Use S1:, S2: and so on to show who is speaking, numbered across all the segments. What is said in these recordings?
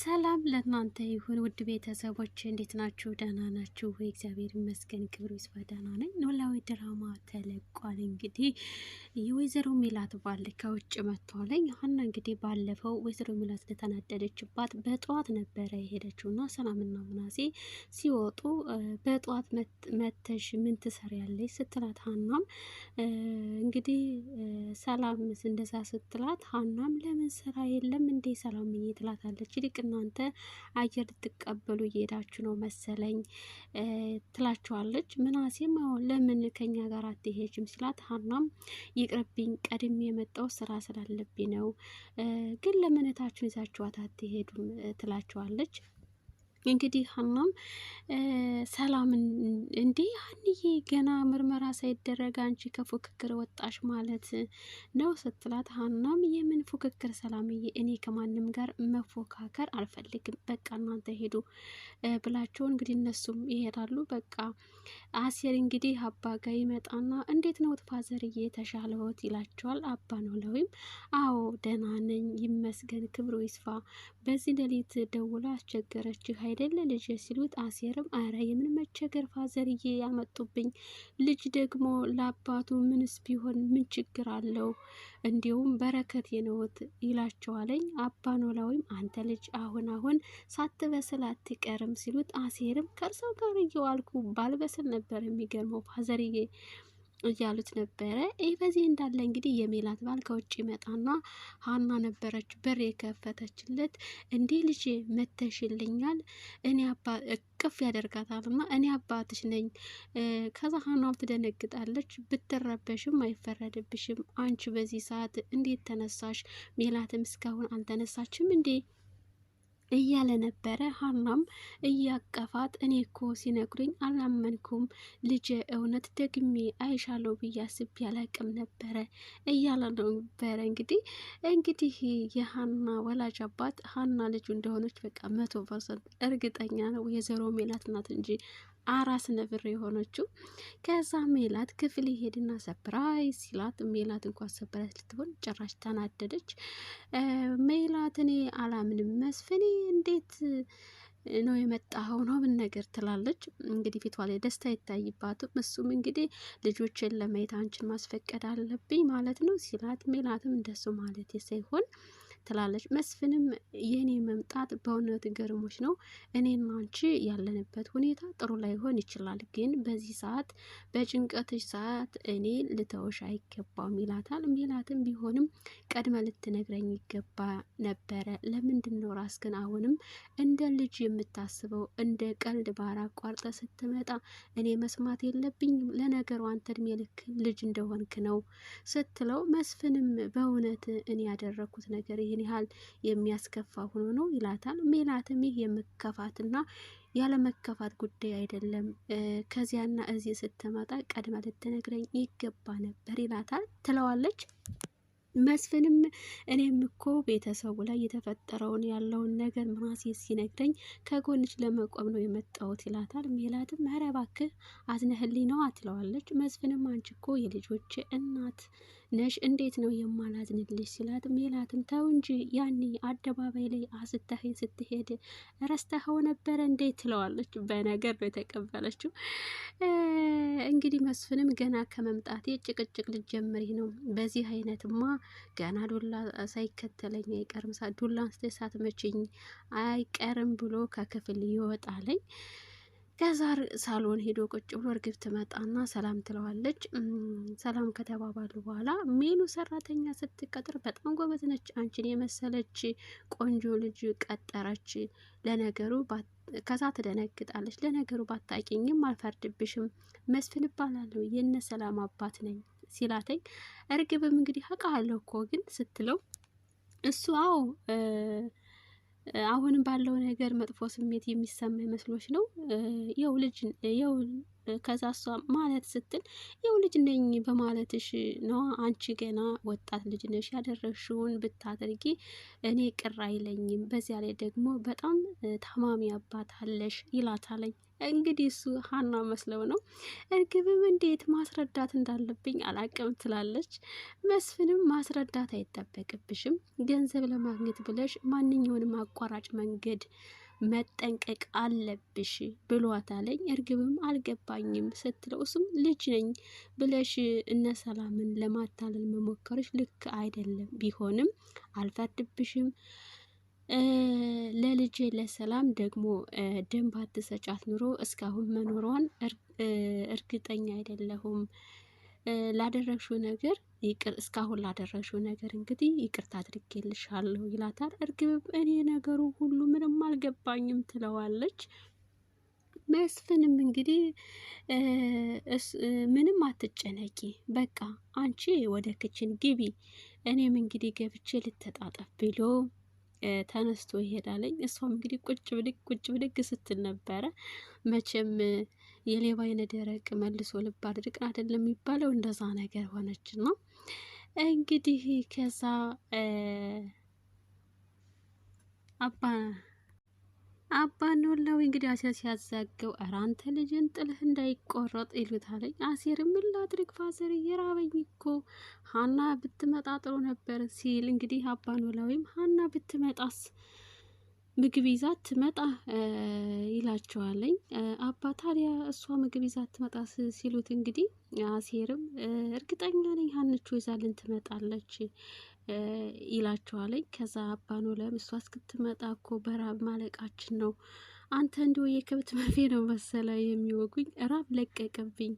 S1: ሰላም ለእናንተ ይሁን ውድ ቤተሰቦች፣ እንዴት ናችሁ? ደህና ናችሁ? እግዚአብሔር ይመስገን፣ ክብሩ ይስፋ። ደህና ነኝ። ኖላዊ ድራማ ተለቋል። እንግዲህ የወይዘሮ ሚላት ባል ከውጭ መጥቷለኝ። ሀና እንግዲህ ባለፈው ወይዘሮ ሚላት ስለተናደደችባት በጠዋት ነበረ የሄደችው እና ሰላምና ምናሴ ሲወጡ በጠዋት መተሽ ምን ትሰሪያለሽ ስትላት ሀናም እንግዲህ ሰላም እንደዛ ስትላት ሀናም ለምን ስራ የለም እንዴ ሰላምዬ ትላታለች። ይልቅ እናንተ አየር ልትቀበሉ እየሄዳችሁ ነው መሰለኝ ትላችኋለች። ምናሴም አሁን ለምን ከኛ ጋር አትሄጅም ሲላት፣ ሀናም ይቅርብኝ፣ ቀድሜ የመጣው ስራ ስላለብኝ ነው። ግን ለምን እህታችሁን ይዛችኋት አትሄዱም? ትላችኋለች። እንግዲህ ሀናም ሰላምን እንዴ ሀንዬ ገና ምርመራ ሳይደረግ አንቺ ከፉክክር ወጣሽ ማለት ነው ስትላት፣ ሀናም የምን ፉክክር ሰላምዬ፣ እኔ ከማንም ጋር መፎካከር አልፈልግም፣ በቃ እናንተ ሄዱ ብላቸው እንግዲህ እነሱም ይሄዳሉ። በቃ አሴር እንግዲህ አባ ጋር ይመጣና እንዴት ነው ፋዘርዬ የተሻለዎት ይላቸዋል። አባ ነው ለወይም አዎ ደህና ነኝ ይመስገን፣ ክብሩ ይስፋ። በዚህ ሌሊት ደውላ አስቸገረችህ አይደለ ልጅ ሲሉት አሴርም አረ የምን መቸገር ፋዘርዬ ያመጡብኝ ልጅ ደግሞ ለአባቱ ምንስ ቢሆን ምን ችግር አለው እንዲሁም በረከት የነወት ይላቸዋለኝ። አባ ኖላዊም አንተ ልጅ አሁን አሁን ሳትበስል አትቀርም ሲሉት አሴርም ከእርሰው ጋር እየዋልኩ ባልበስል ነበር የሚገርመው ፋዘርዬ እያሉት ነበረ። ይህ በዚህ እንዳለ እንግዲህ የሜላት ባል ከውጭ ይመጣና ሀና ነበረች በር የከፈተችለት። እንዴ ልጅ መተሽልኛል? እኔ አባ እቅፍ ያደርጋታልና እኔ አባትሽ ነኝ። ከዛ ሀናም ትደነግጣለች። ብትረበሽም አይፈረድብሽም። አንቺ በዚህ ሰዓት እንዴት ተነሳሽ? ሜላትም እስካሁን አልተነሳችም እንዴ እያለ ነበረ። ሀናም እያቀፋት እኔ እኮ ሲነግሩኝ አላመንኩም ልጄ፣ እውነት ደግሜ አይሻለው ብዬ አስቤ አላቅም ነበረ እያለ ነበረ። እንግዲህ እንግዲህ የሀና ወላጅ አባት ሀና ልጁ እንደሆነች በቃ መቶ ፐርሰንት እርግጠኛ ነው። የዘሮ ሜላት ናት እንጂ አራስ ነብር የሆነችው። ከዛ ሜላት ክፍል ይሄድና ሰፕራይዝ ሲላት ሜላት እንኳን ሰፕራይዝ ልትሆን ጭራሽ ተናደደች። ሜላት እኔ አላምንም መስፍኔ እንዴት ነው የመጣኸው ነው ምን ነገር ትላለች። እንግዲህ ፊቷ ላይ ደስታ ይታይባትም። እሱም እንግዲህ ልጆችን ለማየት አንቺን ማስፈቀድ አለብኝ ማለት ነው ሲላት ሜላትም እንደሱ ማለት ሳይሆን ትላለች። መስፍንም የኔ መምጣት በእውነት ገርሞች ነው። እኔና አንቺ ያለንበት ሁኔታ ጥሩ ላይሆን ይችላል፣ ግን በዚህ ሰዓት በጭንቀትሽ ሰዓት እኔ ልተውሽ አይገባም ይላታል። ሜላትም ቢሆንም ቀድመ ልትነግረኝ ይገባ ነበረ። ለምንድን ነው ግን አሁንም እንደ ልጅ የምታስበው? እንደ ቀልድ ባህር አቋርጠ ስትመጣ እኔ መስማት የለብኝም። ለነገሩ አንተ እድሜ ልክ ልጅ እንደሆንክ ነው ስትለው መስፍንም በእውነት እኔ ያደረግኩት ነገር ይህ ምን ያህል የሚያስከፋ ሆኖ ነው ይላታል። ሜላትም ይህ የመከፋትና ያለመከፋት ጉዳይ አይደለም፣ ከዚያና እዚህ ስትመጣ ቀድማ ልትነግረኝ ይገባ ነበር ይላታል ትለዋለች። መስፍንም እኔም እኮ ቤተሰቡ ላይ የተፈጠረውን ያለውን ነገር ምናሴ ሲነግረኝ ከጎንች ለመቆም ነው የመጣሁት ይላታል። ሜላትም ኧረ እባክህ አዝነህልኝ ነዋ ትለዋለች። መስፍንም አንቺ እኮ የልጆች እናት ነሽ እንዴት ነው የማላዝንልሽ ስላት ሜላትም ተው እንጂ ያኔ አደባባይ ላይ አስተኸኝ ስትሄድ ረስተኸው ነበረ እንዴት ትለዋለች። በነገር ነው የተቀበለችው። እንግዲህ መስፍንም ገና ከመምጣቴ ጭቅጭቅ ልጀምሪ ነው። በዚህ አይነትማ ገና ዱላ ሳይከተለኝ አይቀርም ዱላ አንስተ ሳትመችኝ አይቀርም ብሎ ከክፍል ይወጣለኝ። ከዛር ሳሎን ሄዶ ቁጭ ብሎ እርግብ ትመጣና ሰላም ትለዋለች። ሰላም ከተባባሉ በኋላ ሜኑ ሰራተኛ ስትቀጥር በጣም ጎበዝ ነች፣ አንቺን የመሰለች ቆንጆ ልጅ ቀጠረች። ለነገሩ ከዛ ትደነግጣለች። ለነገሩ ባታቂኝም አልፈርድብሽም፣ መስፍን እባላለሁ የነ ሰላም አባት ነኝ ሲላተኝ እርግብም እንግዲህ አውቃለሁ እኮ ግን ስትለው እሱ አዎ አሁንም ባለው ነገር መጥፎ ስሜት የሚሰማ ይመስሎች ነው ያው ልጅ ያው ከዛ እሷ ማለት ስትል ይኸው ልጅ ነኝ በማለትሽ ነዋ። አንቺ ገና ወጣት ልጅ ነሽ፣ ያደረግሽውን ብታደርጊ እኔ ቅር አይለኝም። በዚያ ላይ ደግሞ በጣም ታማሚ አባት አለሽ ይላታለኝ። እንግዲህ እሱ ሀና መስለው ነው። እርግብም እንዴት ማስረዳት እንዳለብኝ አላቅም ትላለች። መስፍንም ማስረዳት አይጠበቅብሽም፣ ገንዘብ ለማግኘት ብለሽ ማንኛውንም አቋራጭ መንገድ መጠንቀቅ አለብሽ ብሏታለኝ። እርግብም አልገባኝም ስትለው እሱም ልጅ ነኝ ብለሽ እነ ሰላምን ለማታለል መሞከርሽ ልክ አይደለም፣ ቢሆንም አልፈርድብሽም ለልጄ ለሰላም ደግሞ ደንብ አትሰጫት ኑሮ እስካሁን መኖሯን እርግጠኛ አይደለሁም ላደረግሽው ነገር ይቅር እስካሁን ላደረግሽው ነገር እንግዲህ ይቅርታ አድርጌልሻለሁ ይላታል። እርግብም እኔ ነገሩ ሁሉ ምንም አልገባኝም ትለዋለች። መስፍንም እንግዲህ ምንም አትጨነቂ፣ በቃ አንቺ ወደ ክችን ግቢ፣ እኔም እንግዲህ ገብቼ ልተጣጠፍ ብሎ ተነስቶ ይሄዳለኝ። እሷም እንግዲህ ቁጭ ብድግ ቁጭ ብድግ ስትል ነበረ መቼም የሌባ አይነ ደረቅ መልሶ ልብ አድርቅ አይደለም የሚባለው እንደዛ ነገር ሆነች ና እንግዲህ ከዛ አባ አባ ኖላዊ እንግዲህ አሴር ሲያዛገው ኧረ አንተ ልጅን ጥልህ እንዳይቆረጥ ይሉታለኝ። አሴር ምን ላድርግ ፋዘር እየራበኝ እኮ ሀና ብትመጣ ጥሩ ነበር ሲል እንግዲህ አባ ኖላዊም ሀና ብትመጣስ ምግብ ይዛ ትመጣ ይላቸዋለኝ። አባ ታዲያ እሷ ምግብ ይዛ ትመጣ ሲሉት እንግዲህ አሴርም እርግጠኛ ነኝ ሀንቹ ይዛልን ትመጣለች ይላቸዋለኝ። ከዛ አባ ኖላዊም እሷ እስክትመጣ እኮ በራብ ማለቃችን ነው አንተ እንዲሁ የከብት መርፌ ነው መሰለ የሚወጉኝ ራብ ለቀቀብኝ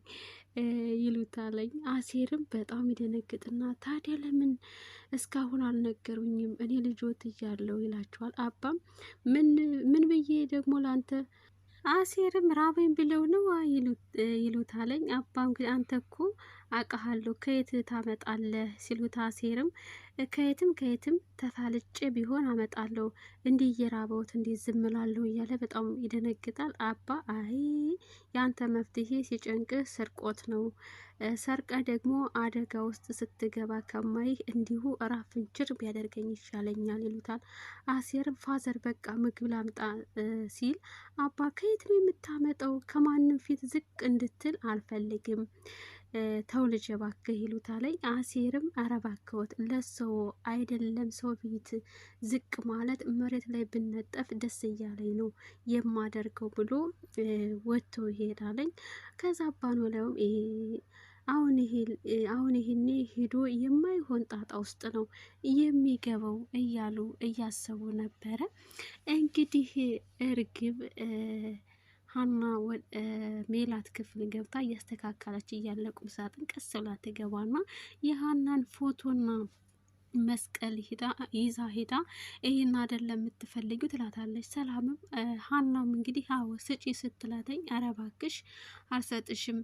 S1: ይሉታለኝ። አሴርም በጣም ይደነግጥና ታዲያ ለምን እስካሁን አልነገሩኝም እኔ ልጆት እያለው ይላቸዋል። አባም ምን ብዬ ደግሞ ለአንተ አሴርም ራበኝ ብለው ነው ይሉታለኝ። አባ አንተ እኮ አውቃሃለሁ ከየት ታመጣለህ ሲሉ አሴርም ከየትም ከየትም ተፋልጬ ቢሆን አመጣለሁ እንዲህ እየራበውት እንዲህ ዝም እላለሁ እያለ በጣም ይደነግጣል። አባ አይ ያንተ መፍትሄ ሲጨንቅህ ስርቆት ነው። ሰርቀ ደግሞ አደጋ ውስጥ ስትገባ ከማይህ እንዲሁ ራፍንችር ቢያደርገኝ ይሻለኛል ይሉታል። አሴርም ፋዘር በቃ ምግብ ላምጣ ሲል አባ ከየት ነው የምታመጣው? ከማንም ፊት ዝቅ እንድትል አልፈልግም ተው ልጅ እባክህ ይሉታለኝ። አሴርም አረባክወት ለሰው አይደለም ሰው ቤት ዝቅ ማለት መሬት ላይ ብነጠፍ ደስ እያለኝ ነው የማደርገው ብሎ ወጥቶ ይሄዳለኝ። ከዛ አባኖ ላይም አሁን ይሄኔ ሄዶ የማይሆን ጣጣ ውስጥ ነው የሚገባው እያሉ እያሰቡ ነበረ እንግዲህ እርግብ ሀና ሜላት ክፍል ገብታ እያስተካከለች እያለ ቁም ሳጥን ቀስ ብላ ትገባና የሀናን ፎቶና መስቀል ሄዳ ይዛ ሄዳ ይህን አይደለም የምትፈልጊ ትላታለች። ሰላምም ሀናም እንግዲህ አዎ ስጪ ስትላተኝ አረባክሽ እባክሽ አልሰጥሽም፣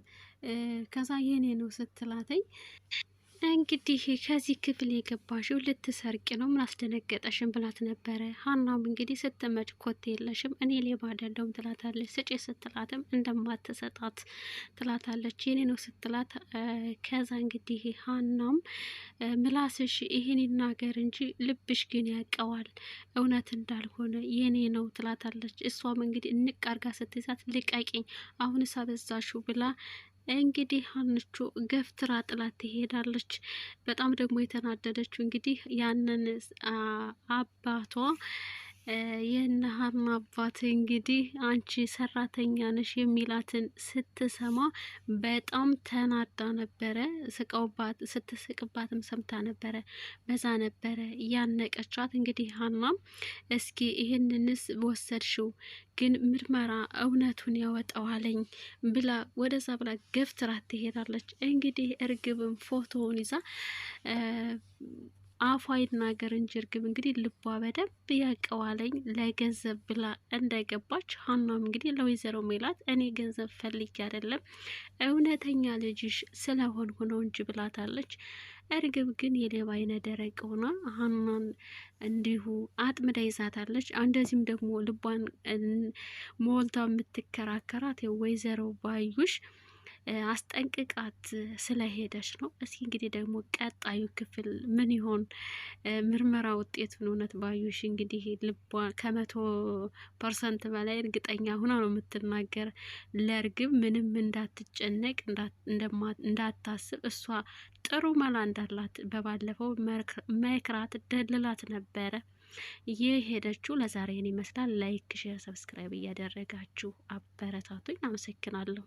S1: ከዛ የኔ ነው ስትላተኝ እንግዲህ ከዚህ ክፍል የገባሽው ልትሰርቂ ነው፣ ምን አስደነገጠሽም ብላት ነበረ። ሀናም እንግዲህ ስትመጭ ኮቴ የለሽም እኔ ሌባ አይደለሁም ትላታለች። ስጪ ስትላትም እንደማትሰጣት ትላታለች። የኔ ነው ስትላት፣ ከዛ እንግዲህ ሀናም ምላስሽ ይህን ይናገር እንጂ ልብሽ ግን ያውቀዋል እውነት እንዳልሆነ የኔ ነው ትላታለች። እሷም እንግዲህ እንቃርጋ ስትይዛት ልቀቂኝ፣ አሁንስ ሳበዛሹ ብላ እንግዲህ ሀንቹ ገፍትራ ጥላት ትሄዳለች። በጣም ደግሞ የተናደደችው እንግዲህ ያንን አባቷ ሀና አባት እንግዲህ አንቺ ሰራተኛ ነሽ የሚላትን ስትሰማ በጣም ተናዳ ነበረ። ስቀውባት ስትስቅባትም ሰምታ ነበረ። በዛ ነበረ ያነቀቻት። እንግዲህ ሀናም እስኪ ይህንንስ ወሰድሽው ግን ምርመራ እውነቱን ያወጣዋለኝ ብላ ወደዛ ብላ ገፍትራት ትሄዳለች። እንግዲህ እርግብም ፎቶውን ይዛ አፏ ይናገር እንጂ እርግብ እንግዲህ ልቧ በደንብ ያቀዋለኝ ለገንዘብ ብላ እንደገባች ሀናም እንግዲህ ለወይዘሮ ሜላት እኔ ገንዘብ ፈልጌ አይደለም እውነተኛ ልጅሽ ስለሆንኩ ነው እንጂ ብላታለች። እርግብ ግን የሌባ አይነ ደረቅ ሆና ሀናን እንዲሁ አጥምዳ ይዛታለች። እንደዚህም ደግሞ ልቧን ሞልታ የምትከራከራት ወይዘሮ ባዩሽ አስጠንቅቃት ስለሄደች ነው። እስኪ እንግዲህ ደግሞ ቀጣዩ ክፍል ምን ይሆን ምርመራ ውጤቱን እውነት ባዩሽ እንግዲህ ልቧ ከመቶ ፐርሰንት በላይ እርግጠኛ ሁና ነው የምትናገር። ለእርግብ ምንም እንዳትጨነቅ እንዳታስብ እሷ ጥሩ መላ እንዳላት በባለፈው መክራት ደልላት ነበረ። ይህ ሄደችው ለዛሬን ይመስላል። ላይክ፣ ሼር፣ ሰብስክራይብ እያደረጋችሁ አበረታቱኝ። አመሰግናለሁ።